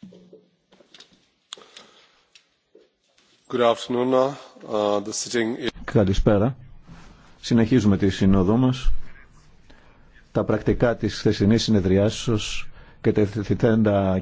Uh, uh, Καλησπέρα. Συνεχίζουμε τη συνόδο μα, Τα πρακτικά της χθεσινή συνεδριάσεως και τα